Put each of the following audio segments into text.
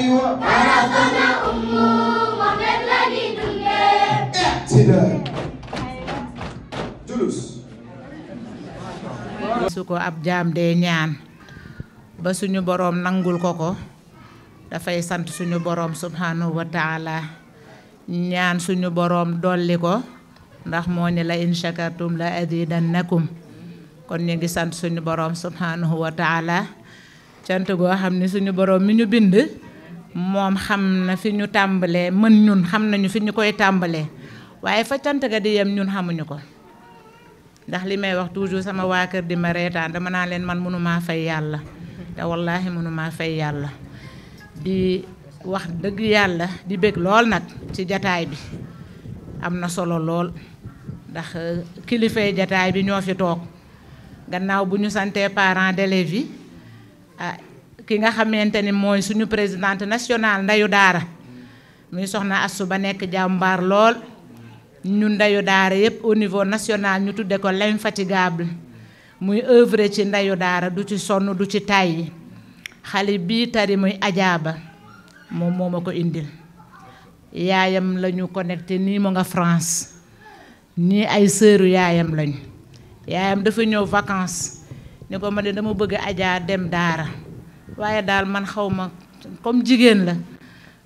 su ko ab jaam dee ñaan ba suñu boroom nangul ko ko dafay sant suñu boroom subhanahu wa ñaan suñu boroom dolli ko ndax moo ni la in shakartum la azidannakum kon ñu ngi sant suñu boroom subhanahu wa taala cant xam ni suñu boroom mi ñu bind moom xam na fi ñu tàmbalee mën ñun xam nañu fi ñu koy tàmbalee waaye fa cant ga di yem ñun xamuñu ko ndax li may wax toujours sama waa kër di ma reetaan dama naa leen man mënumaa fay yàlla te wallaahi mënumaa fay yàlla di wax dëgg yàlla di bëgg lool nag ci jataay bi am na solo lool ndax euh, kilifay jataay bi ñoo fi toog gannaaw bu ñu santee parents d'élèves yi ah ki nga xamante ni mooy suñu présidente national ndayu daara muy soxna astu Ba nekk jàmbaar lool ñu ndayu daara yépp au niveau national ñu tudde ko l'infatigable muy œuvre ci ndayu daara du ci sonn du ci tàyyi xale bii tari muy ajaaba moom moo ma ko indil yaayam lañu ñu connecté nii mu nga France nii ay sëru yaayam lañu yaayam dafa ñëw vacances ni ko ma ne dama bëgg ajaa dem daara waaye daal man xaw ma comme jigéen la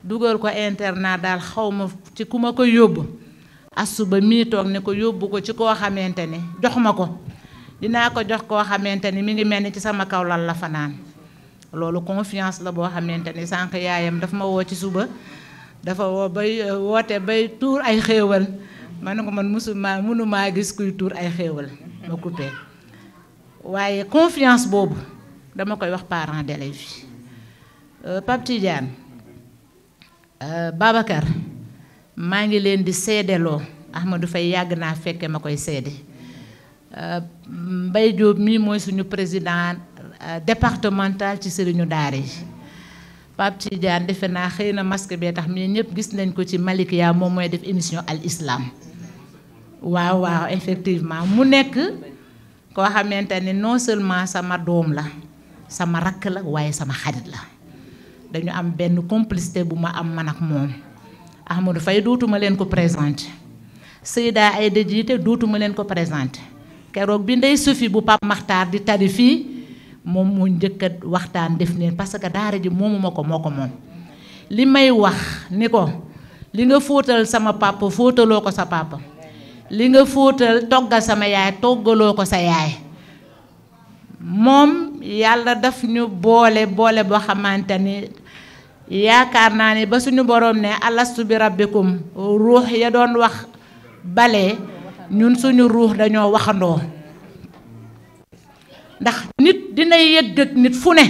dugal ko internat daal xawma ma ci ku ma ko yóbbu asu ba mii toog ne ko yóbbu ko ci koo xamante ne joxuma ko dinaa ko jox koo xamante ni mi ngi mel ni ci sama kaw lal la fanaan loolu confiance la boo xamante ni sànq yaayam dafa ma woo ci suba dafa woo bay woote bay tuur ay xéewal ma ne ko man musuma mënumaa gis kuy tuur ay xéewal ma coupé waaye confiance boobu dama koy wax parents d'élèves yi euh, Pape Tidiane euh, Babacar maa ngi leen di seedeloo Ahmadou Faye yàgg naa fekke ma koy seede euh, Mbaye Diop mii mooy suñu président départemental ci sëriñu daara yi Pape defe naa xëy na masque bee tax mais ñëpp gis nañ ko ci Malikia moom mooy def émission al islaam waaw waaw effectivement mu nekk koo xamante ni non seulement sama doom la sama rakk la waaye sama xarit la dañu am benn complicité bu ma am man ak moom Ahmadou Faye dootuma leen ko présenté Seyda Aïda Diité dootuma leen ko présenté keroog bi ndey sufi bu Pape Makhtar di tari fii moom mu njëkkat waxtaan def neen parce que daara ji moomuma ko moo ko moom li may wax ni ko li nga fóotal sama papa fóotaloo ko sa papa li nga fóotal toggal sama yaay toggaloo ko sa yaay moom yàlla daf ñu boole boole boo xamante ni yaakaar naa ni ba suñu boroom ne alastu bi rabbikum ruux ya doon wax bale ñun suñu ruux dañoo waxandoo ndax nit dina yëg nit fu ne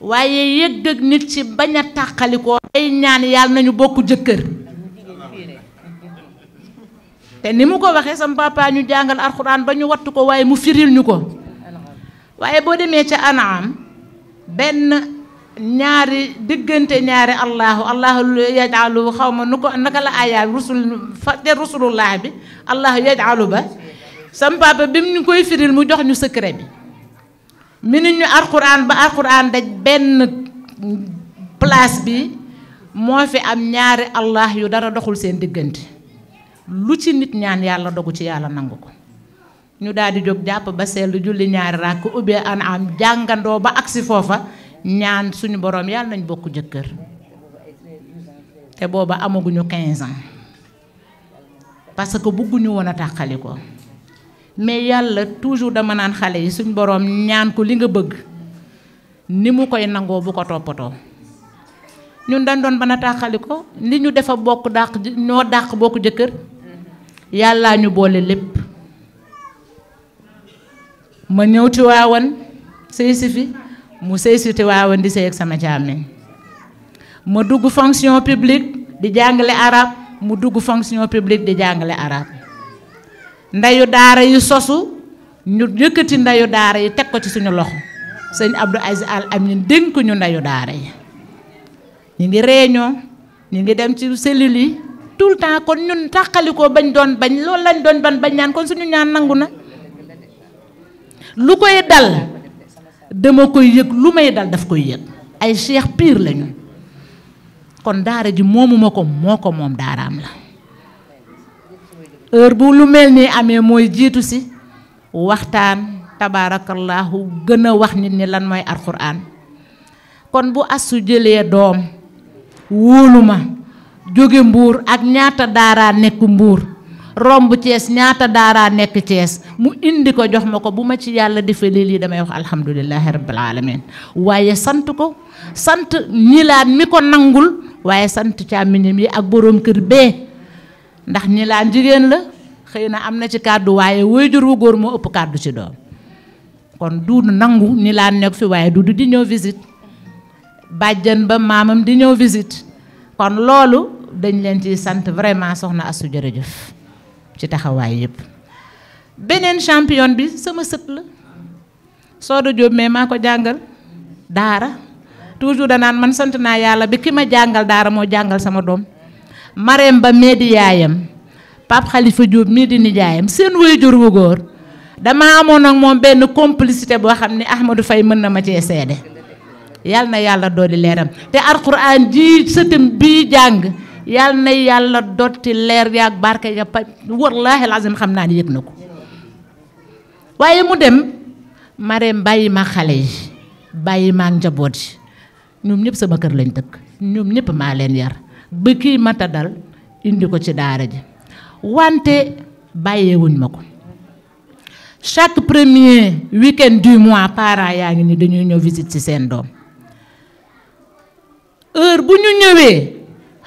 waaye yëg ak nit ci bañ a tàqalikoo ay ñaan yàlla nañu bokk jëkkër te ni mu ko waxee sama papa ñu jàngal alxuraan ba ñu wattu ko waaye mu firil ñu ko waaye boo demee ca anaam benn ñaari diggante ñaari allahu allahu yajalu xaw ma nu ko naka la ayaa rusul fa te rusulullah bi allahu yajalu ba sam papa bi mu ñu koy firil mu jox ñu secret bi mi nit ñu alxuraan ba alxuraan daj benn place bi moo fi am ñaari allah yu dara doxul seen diggante lu ci nit ñaan yàlla dogu ci yàlla nangu ko ñu daal di jóg jàpp ba seetlu julli ñaari ràkk ubbee an am jàngandoo ba agsi foofa ñaan suñu borom yàlla nañ bokk jëkkër te booba amaguñu 15 ans parce que bëgguñu woon a tàqali ko mais yàlla toujours dama naan xale yi suñu borom li nga bëgg ni mu koy nangoo bu ko toppatoo ñun dañ doon a tàqali ko li ñu defa bokk dàq ñoo dàq bokk jëkkër yàllaa ñu boole lépp. ma ñëw Tiwaawan sëy si fi mu sëy si Tiwaawan di sëy ak sama càmmiñ ma dugg fonction publique di jàngale arab mu dugg fonction publique di jàngale arab ndeyu daara yi sosu ñu yëkkati ndeyu daara yi teg ko ci suñu loxo sëñ Abdou Aziz Al Amine dénk ñu ndeyu daara yi ñu ngi réunion ñu ngi dem ci cellules yi tout le temps kon ñun tàqalikoo bañ doon bañ loolu lañ doon ban bañ ñaan kon suñu ñaan nangu na lu koy dal dama koy yëg lu may dal daf koy yëg ay cheikh piir lañu kon daara ji moomuma ko moo ko moom am la heure bu lu mel ni amee mooy jiitu si waxtaan tabaarakallaahu gën a wax nit ñi lan mooy alxuraan kon bu asu jëlee doom wóoluma jóge mbuur ak ñaata daaraa nekk mbuur romb Thiès ñaata daaraa nekk Thiès mu indi ko jox ma ko bu ma ci yàlla defee lii lii damay wax alhamdulilahi rabbil alamin waaye sant ko sant ñilaan mi ko nangul waaye sant càmmiñam yi ak boroom kër bee ndax ñilaan jigéen la xëy na am na ci kàddu waaye waajur wu góor moo ëpp kàddu ci doom kon duudu nangu ñilaan nekk fi waaye duudu di ñëw visit bàjjan ba maamam di ñëw visite kon loolu dañ leen ciy sant vraiment soxna Astu jërëjëf ci taxawaay yëpp. beneen championne bi sama sët la Soda Diop mais maa ko jàngal daara toujours danaan man sant naa yàlla bi ki ma jàngal daara moo jàngal sama doom. Marème ba mee di yaayam Pape Khalifa Diop mii di nijaayam seen waajur wu góor dama amoon ak moom benn complicité boo xam ni Ahmadou fay mën na ma cee seede yàlla na yàlla dooli leeram te alxuraan ji sëtam bii jàng. yàlla na yàlla dotti leer yaag barke ya pa wallaahi lazim xam naa ni yëg na ko waaye mu dem mareem bàyyi ma xale yi bàyyi ma njaboot yi ñoom ñëpp sama kër lañ dëkk ñoom ñëpp maa leen yar ba kii mata dal indi ko ci daara ji wante bàyyeewuñ ma ko chaque premier week-end du mois parents yaa ngi ni dañuy ñëw visit ci seen doom heure bu ñu ñëwee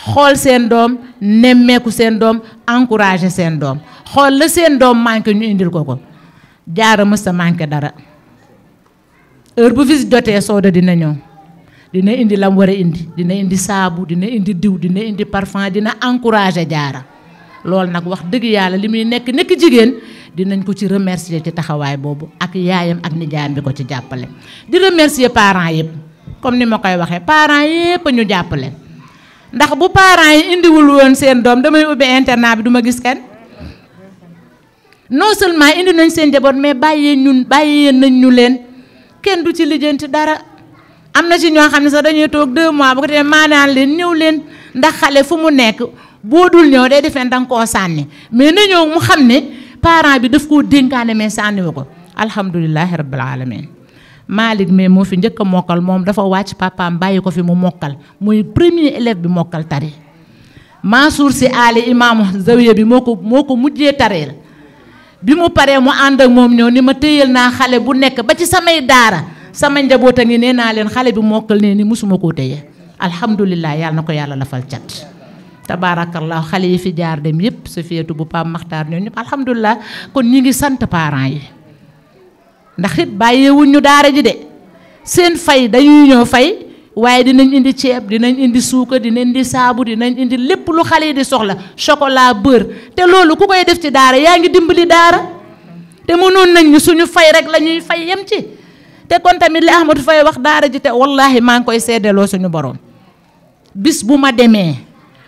xool seen doom nemmeeku seen doom encouragé seen doom xool la seen doom manqué ñu indil ko ko jaara mës sa manqué dara heure bu visite jotee sooda dina ñëw dina indi lam war indi dina indi saabu dina indi diw dina indi parfum dina encouragé jaara loolu nag wax dëgg yàlla li muy nekk nekk jigéen dinañ ko ci remercier ci taxawaay boobu ak yaayam ak nijaayam bi ko ci jàppale di remercier parents yëpp comme ni ma koy waxee parents yëpp ñu jàppale ndax bu parent yi indiwul woon seen doom damay ubbi internat bi duma gis kenn non seulement indi nañ seen njaboot mais bàyyee ñun bàyyee nañ ñu leen kenn du ci lijjanti dara am na ci ñoo xam ne sax dañuy toog deux mois bu ko defee maanaan leen ñëw leen ndax xale fu mu nekk boo dul ñëw day defee danga koo sànni mais na ñëw mu xam ne parent bi daf koo dénkaane mais sànniwu ko alhamdulilahi rabbil alamin Malick mais moo fi njëkk mokkal moom dafa wàcc papaam bàyyi ko fi mu mokkal muy premier élève bi mokkal tari Mansour si Ali imaamu zawiya bi moo ko moo ko mujjee taree bi mu paree mu ànd ak moom ñëw ni ma téyal naa xale bu nekk ba ci samay daara sama njaboot a ngi nee naa leen xale bi mokkal nee ni mosuma koo téye alhamdulilah yàlla na ko yàlla lafal cat tabaarakallah xale yi fi jaar dem yépp sa féetu bu Pape Makhtar ñoom ñëpp alhamdulilah kon ñi ngi sant yi ndax it bàyyiwuñ ñu daara ji de seen fay dañuy ñëw fay waaye dinañ indi ceeb dinañ indi suukar dinañ indi saabu dinañ indi lépp lu xale yi di soxla chocolat beurre te loolu ku koy def ci daara yaa ngi dimbali daara te mënoon nañ ñu suñu fay rek la ñuy fay yem ci te kon tamit li Ahmadou fay wax daara ji te wallaahi maa ngi koy seddaloo suñu borom bis bu ma demee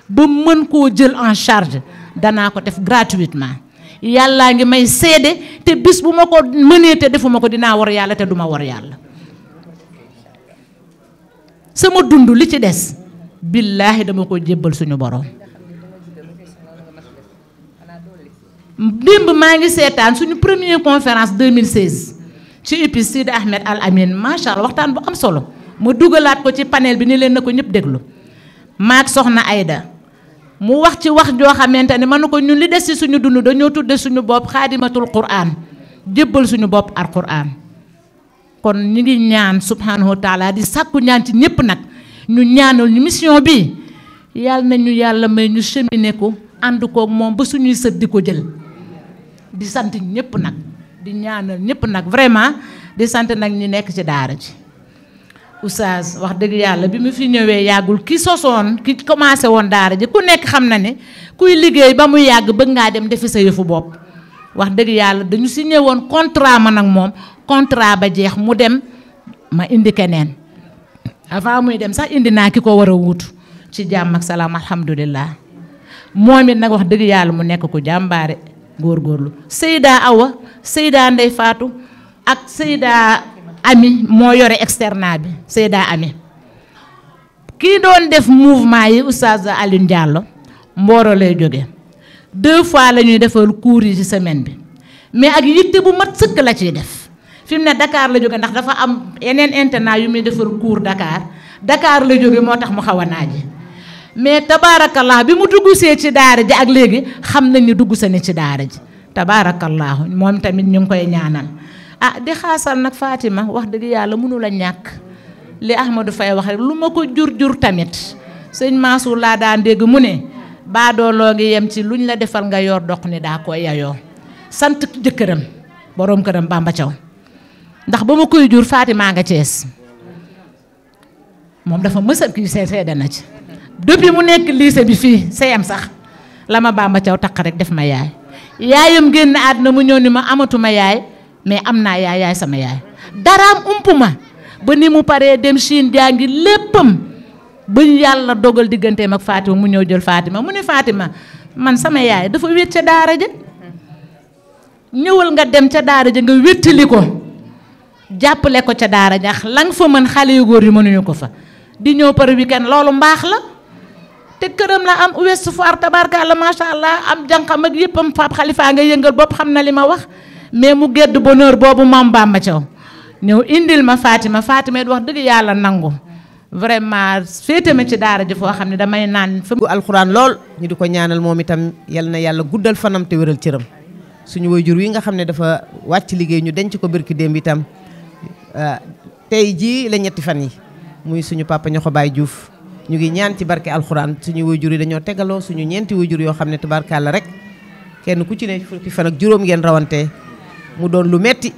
ba mën koo jël en charge danaa ko def gratuitement yàllaa ngi may seede te bis bu ma ko mënee te defuma ko dinaa war yàlla te duma war yàlla sama dund li ci des billaahi dama ko jébbal suñu borom démb maa ngi seetaan suñu première conférence 2016 ci épi Sidi Ahmed Al Amin macha allah waxtaan bu am solo ma dugalaat ko ci panel bi ni leen na ko ñëpp déglu maak soxna ayda mu wax ci wax joo xamante ne mënu ko ñun li des ci suñu dund dañoo tudde suñu bopp xaadimatul quraan jébbal suñu bopp al quraan kon ñu ngi ñaan subhanahu wa di sàkku ñaan ci ñëpp nag ñu ñaanal mission bi yàlla ñu yàlla may ñu cheminer ko ànd koog moom ba suñuy sët di ko jël di sant ñëpp nag di ñaanal ñëpp nag vraiment di sant nag ñu nekk ci daara ji oustaz wax dëgg yàlla bi mu fi ñëwee yàggul ki sosoon ki commencé woon daara ji ku nekk xam na ne kuy liggéey ba mu yàgg bëgg ngaa dem defi sa yëfu bopp wax dëgg yàlla dañu signé woon contrat ma nag moom contrat ba jeex mu dem ma indi keneen avant muy dem sax indi naa ki ko war a wuutu ci jàmm ak salaam alhamdulilah moom it nag wax dëgg yàlla mu nekk ku jàmbaare góorgóorlu Seyda Awa Seyda Ndey Faatu ak Seyda ami moo yore externat bi Seyda ami kii doon def mouvement yi oustaz Alioune Diallo Mboro lay jóge deux fois la ñuy defal cours yi ci semaine bi mais ak yitte bu mat sëkk la ciy def fi mu ne dakaar la jóge ndax dafa am yeneen internat yu muy defal cours dakaar dakaar la jóge moo tax mu xaw naa ji mais tabaarakallah bi mu dugg see ci daara ji ak léegi xam nañ ni dugg sa ci daara ji tabaarakallah moom tamit ñu ngi koy ñaanal. ah di xaasal nag Fatima wax dëgg yàlla mënu la ñàkk li Ahmadou Faye wax rek lu ma ko jur jur tamit sëñ Mansour laa daan dégg mu ne baadooloo ngi yem ci luñ la defal nga yoor dox ni daa ko yayoo sant jëkkëram boroom këram Bamba Thiaw ndax ba ma koy jur Fatima nga Cees moom dafa mësal kii seede na ci depuis mu nekk lycée bi fii CM sax la ma Bamba Thiaw takk rek def ma yaay yaayam génn àdduna mu ñëw ni ma amatuma yaay mais am naa yaay yaay sama yaay daraam umpuma ba ni mu paree dem Chine jàngi léppam ba yàlla dogal digganteem ak Fatima mu ñëw jël Fatima mu ne Fatima man sama yaay dafa wét ca daara ja ñëwal nga dem ca daara ja nga wéttali ko jàppale ko ca daara ja la nga fa mën xale yu góor yi mënuñu ko fa di ñëw par weekend loolu mbaax la te këram la am Ouest Foire tabarka la macha allah am jànqam ak yëppam Pape Khalifa nga yëngal bopp xam na li ma wax mais mu gedd bonheur boobu moom ma Thiaw ñëw indil ma Fatima Fatima it wax dëgg yàlla nangu vraiment féete ma ci daara ji foo xam ne damay naan fa alxuraan lool ñu di ko ñaanal moom itam yal na yàlla guddal fanam te wéral cëram suñu waajur wi nga xam ne dafa wàcc liggéey ñu ci ko barki démb itam euh, tey jii la ñetti fan yi muy suñu papa ñoxo baay Diouf ñu ngi ñaan ci barke alxuraan suñu waajur yi dañoo tegaloo suñu ñeenti waajur yoo xam ne tubaarkàlla rek kenn ku ci ne fukki fan ak juróom ngeen rawante mu doon lu metti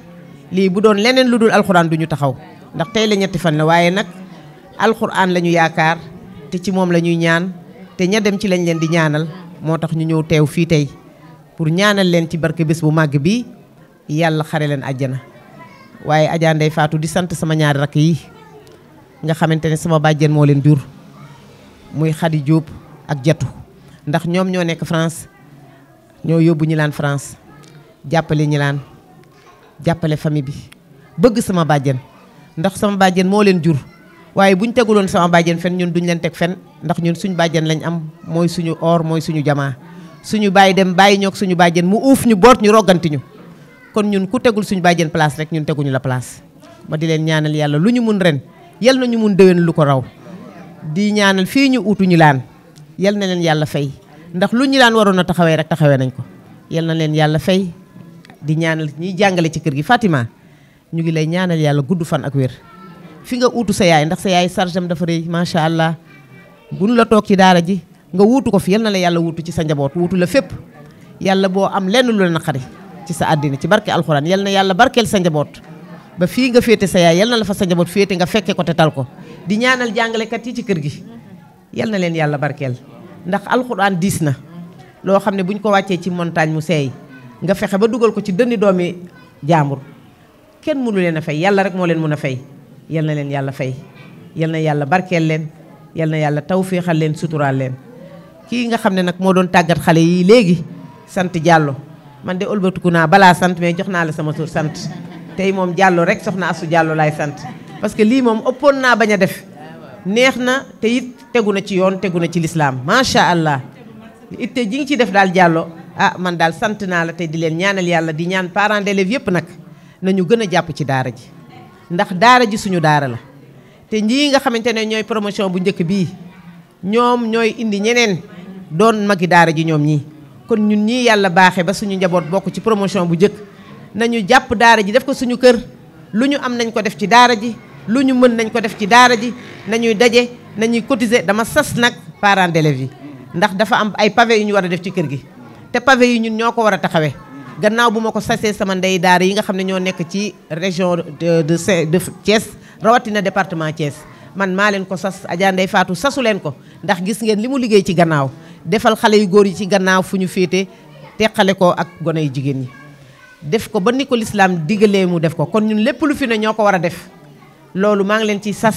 lii bu doon leneen lu dul alxuraan duñu taxaw ndax tey la ñetti fan la waaye nag alxuraan la ñu yaakaar te ci moom la ñuy ñaan te ña dem ci lañ leen di ñaanal moo tax ñu ñëw teew fii tey pour ñaanal leen ci barke bés bu màgg bi yàlla xare leen ajjana waaye Adja Ndeye Fatou di sant sama ñaari rakk yi nga xamante ne sama bàjjen moo leen jur muy xadi jóob ak Jatu ndax ñoom ñoo nekk France ñoo yóbbu ñi laan France jàppale ñi laan jàppale famille bi bëgg sama bàjjen ndax sama bàjjen moo leen jur waaye bu ñu teguloon sama bàjjen fen ñun duñ leen teg fen ndax ñun suñu bàjjen lañ am mooy suñu or mooy suñu jamaa suñu bàyyi dem bàyyi ñoog suñu bàjjen mu uuf ñu boot ñu rogganti ñu kon ñun ku tegul suñu bàjjen place rek ñun teguñu la place ma di leen ñaanal yàlla lu ñu mun ren yal na ñu mun déwén lu ko raw di ñaanal fii ñu uutu ñu laan yal na leen yàlla fay ndax lu ñu laan waroon a taxawee rek taxawee nañ ko yal na leen yàlla fay di ñaanal ñiy jàngale ci kër gi Fatima ñu ngi lay ñaanal yàlla gudd fan ak wér fi nga uutu sa yaay ndax sa yaay sarjam dafa rëy macha allah buñ la toog ci daara ji nga wuutu ko fi yal na la yàlla wuutu ci sa njaboot wuutu la fépp yàlla boo am lenn lu la naqari ci sa àddina ci barke alxuraan yal na yàlla barkeel sa njaboot ba fii nga féete sa yaay yal na la fa sa njaboot féete nga fekke ko te tal ko di ñaanal jàngalekat yi ci kër gi yal na leen yàlla barkeel ndax alxuraan diis na loo xam ne buñ ko wàccee ci montagne mu seey nga fexe ba dugal ko ci dënni doomi jaambur kenn munu leen a fay yàlla rek moo leen mën a fay yal na leen yàlla fay yal na yàlla barkeel leen yal na yàlla tawféexal leen suturaal leen kii nga xam ne nag moo doon tàggat xale yi léegi sant jàllo man de ëlbatiku naa balaa sant mais jox naa la sama tur sant tey moom jàllo rek soxna asu jàllo laay sant parce que lii moom ëppoon naa bañ a def neex na te it tegu na ci yoon tegu na ci lislaam macha allah itte ji ah man daal sant naa la te di leen ñaanal yàlla di ñaan parents d'élèves yëpp nag nañu gën a jàpp ci daara ji ndax daara ji suñu daara la te ñii nga xamante ne ñooy promotion bu njëkk bii ñoom ñooy indi ñeneen doon magi daara ji ñoom ñii kon ñun ñii yàlla baaxee ba suñu njaboot bokk ci promotion bu njëkk nañu jàpp daara ji def ko suñu kër lu ñu am nañ ko def ci daara ji lu ñu mën nañ ko def ci daara ji nañuy daje na ñuy cotiser dama sas nag parents yi ndax dafa am ay pavé yu ñu war a def ci kër gi te pavé yi ñun ñoo ko war a taxawee gannaaw bu ma ko sasee sama ndey daara yi nga xam ne ñoo nekk ci région de de de Thiès rawatina département Thiès man maa leen ko sas Adja faatu sasu leen ko ndax gis ngeen li mu liggéey ci gannaaw defal xale yu góor yi ci gannaaw fu ñu féete teqale ko ak gone yu jigéen ñi. def ko ba ni ko lislaam digalee mu def ko kon ñun lépp lu fi ne ñoo ko war a def loolu maa ngi leen ci sas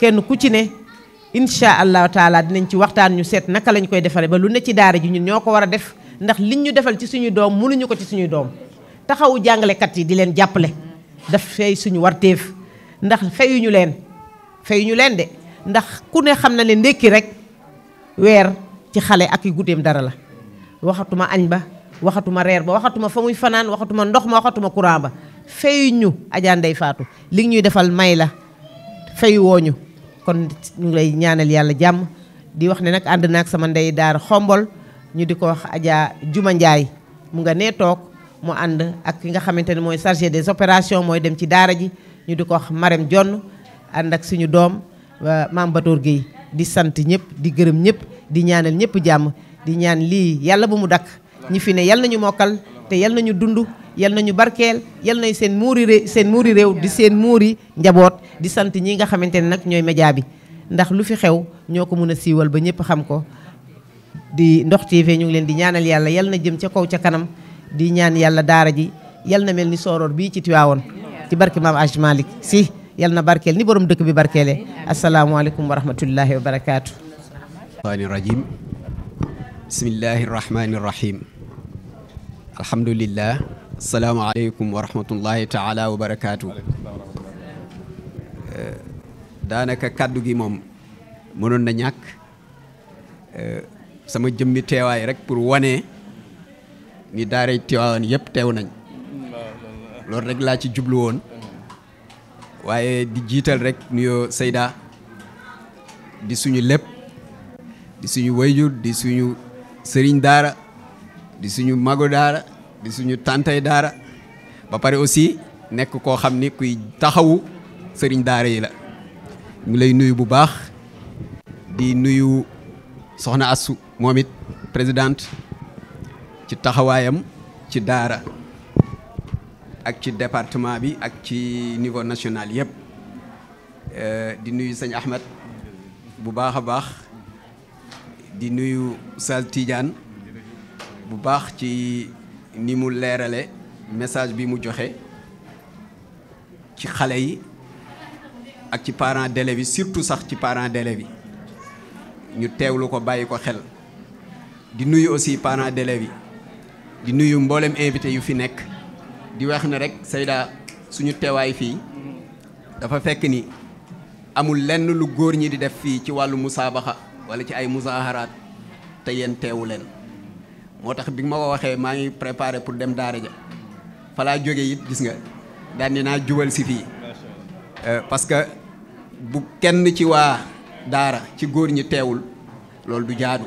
kenn ku ci ne incha allahu dinañ ci waxtaan ñu seet naka lañ koy defaree ba lu ne ci daara ji ñun ñoo ko war a def. ndax liñ ñu defal ci suñu doom mënuñu ko ci suñu doom taxawu kat yi di leen jàppale daf fay suñu warteef ndax fayuñu leen fayuñu leen de ndax ku ne xam na ne ndékki rek weer ci xale ak yu guddeem dara la waxatuma añ ba waxatuma reer ba waxatuma fa muy fanaan waxatuma ndox ma waxatuma courant ba fayuñu Adja Ndeye Fatou li ñuy defal may la fayu wooñu kon ñu lay ñaanal yàlla jàmm di wax ne nag ànd ak sama ndey daara xombol ñu di ko wax ajaa Juma Ndiaye mu nga nee toog mu ànd ak ki nga xamante ne mooy chargé des opérations mooy dem ci daara ji ñu di ko wax Marème Jonn ànd ak suñu doom maam Batoor Gueye di sant ñëpp di gërëm ñëpp di ñaanal ñëpp jàmm di ñaan lii yàlla bu mu dakk ñi fi ne na ñu mokkal te na ñu dund na ñu barkeel yal nañu seen muuri seen muuri réew di seen muuri njaboot di sant ñi nga xamante ne nag ñooy média bi ndax lu fi xew ñoo ko mën a siiwal ba ñëpp xam ko di Ndox TV ñu leen di ñaanal yàlla yal na jëm ca kaw ca kanam di ñaan yàlla daara ji yal na mel ni sooroor bii ci Tiwaawoon ci barke maam Aj si yal na barkeel ni borom dëkk bi barkeele asalaamualeykum wa rahmatullahi wa barakaatu. shaytaani daanaka kàddu gi moom mënoon na ñàkk. sama jëmmi teewaay rek pour wane ñi daaray Tiwaawan yëpp teew nañ loolu rek laa ci jublu woon waaye di jiital rek nuyoo seydaa di suñu lépp di suñu wayjur di suñu sëriñ daara di suñu mago daara di suñu tantay daara ba pare aussi nekk koo xam ni kuy taxawu sëriñ daara yi la ñu lay nuyu bu baax di nuyu soxna Assu moom it présidente ci taxawaayam ci daara ak ci département bi ak ci niveau national yëpp euh, di nuyu sëñ Ahmed bu baax a baax di nuyu Sal Tidiane bu baax ci ni mu leerale message bi mu joxe ci xale yi ak ci parent d'élèves yi surtout sax ci parent d'élèves bi ñu teewlu ko bàyyi ko xel di nuyu aussi parents d'élèves yi di nuyu mboolem invité yu fi nekk di weex na rek Seyda suñu teewaay fii dafa fekk ni amul lenn lu góor ñi di def fii ci wàllu musaabaxa wala ci ay musaaharaat te yéen teewu leen moo tax bi ma ko waxee maa ngi préparé pour dem daara ja fa jóge it gis nga daan naa jubal si fii euh, parce bu kenn ci waa daara ci góor ñi teewul loolu du jaadu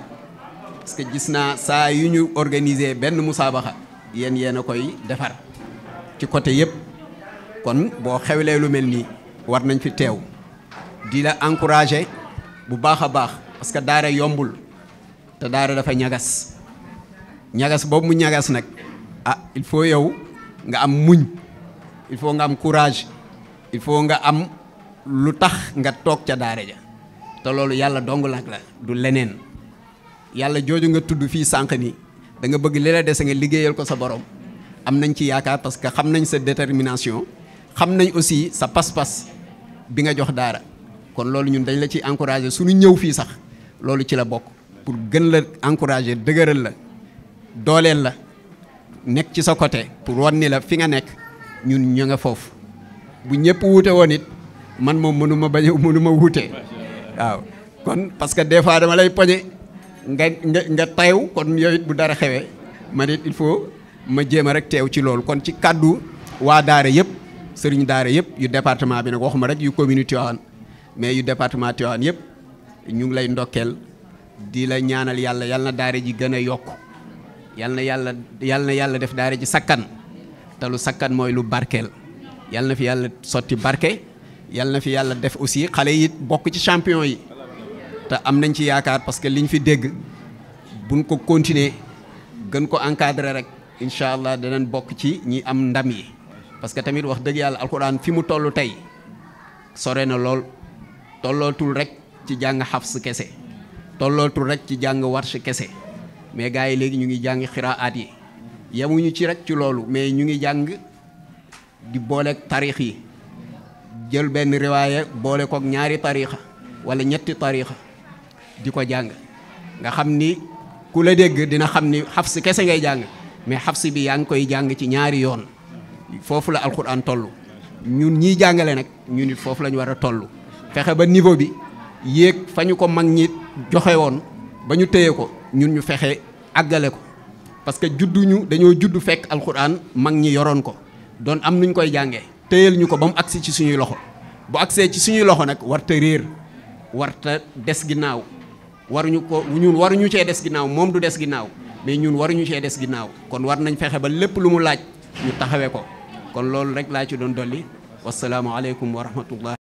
parce que gis naa saa yu ñu organiser benn musaabaxa yéen yéen a koy defar ci côté yëpp kon boo xewlee lu mel nii war nañ fi teew di la encourager bu baax a baax parce que daara yombul te daara dafa ñagas ñagas boobu mu ñagas nag ah il faut yow nga am muñ il faut nga am courage il faut nga am lu tax nga toog ca daara ja te loolu yàlla dong la la du leneen yàlla jooju nga tudd fii sànq ni da nga bëgg li la dese nga liggéeyal ko sa borom am nañ ci yaakaar parce que xam nañ sa détermination xam nañ aussi sa pas-pas bi nga jox daara kon loolu ñun dañ la ci encouragé suñu ñëw fii sax loolu ci la bokk pour gën la encouragé dëgëral la dooleel la nekk ci sa côté pour wan ni la fi nga nekk ñun ñu nga foofu bu ñëpp wuute woon it man moom mënuma bañ mënuma wuute waaw kon parce que des fois dama lay poñe nga nga nga teew kon yow bu dara xewee ma it il faut ma jéem a rek teew ci loolu kon ci kàddu waa daara yëpp sëriñ daara yëpp yu département bi nag ma rek yu commune Tivaouane mais yu département Tivaouane yëpp ñu ngi lay ndokkeel di la ñaanal yàlla yal na daara ji gën a yokk yal na yàlla yal na yàlla def daare ji sakkan te lu sakkan mooy lu barkeel yal na fi yàlla sotti barke yàlla na fi yàlla def aussi xale yi bokk ci champion yi te am nañ ci yaakaar parce que liñ fi dégg buñ ko continuer gën ko encadrer rek incha allah danañ bokk ci ñi am ndam yi parce que tamit wax dëgg yàlla alxuraan fi mu tollu tey sore na lool tollootul rek ci jàng xafs kese tollootul rek ci jàng warsh kese mais gars yi léegi ñu ngi jàng xiraat yi yemuñu ci rek ci loolu mais ñu ngi jàng di booleek tarix yi jël benn riwaaya boole kook ñaari tariixa wala ñetti tariixa di ko jàng nga xam ni ku la dégg dina xam ni xafs kese ngay jàng mais xafs bi yaa ngi koy jàng ci ñaari yoon foofu la alxuraan tollu ñun ñiy jàngale nag ñu nit foofu la ñu war a toll fexe ba niveau bi yéeg fa ñu ko mag ñi joxe woon ba ñu téye ko ñun ñu fexe àggale ko parce que judduñu dañoo juddu fekk alxuraan mag ñi yoroon ko doon am nuñ koy jàngee téyal ñu ko ba mu agsi ci suñuy loxo bu agsee ci suñuy loxo nag warta réer warta des ginnaaw waruñu ko ñun waruñu cee des ginnaaw moom du des ginnaaw mais ñun waruñu cee des ginnaaw kon war nañ fexe ba lépp lu mu laaj ñu taxawee ko kon loolu rek laa ci doon dolli wasalaamu aleykum wa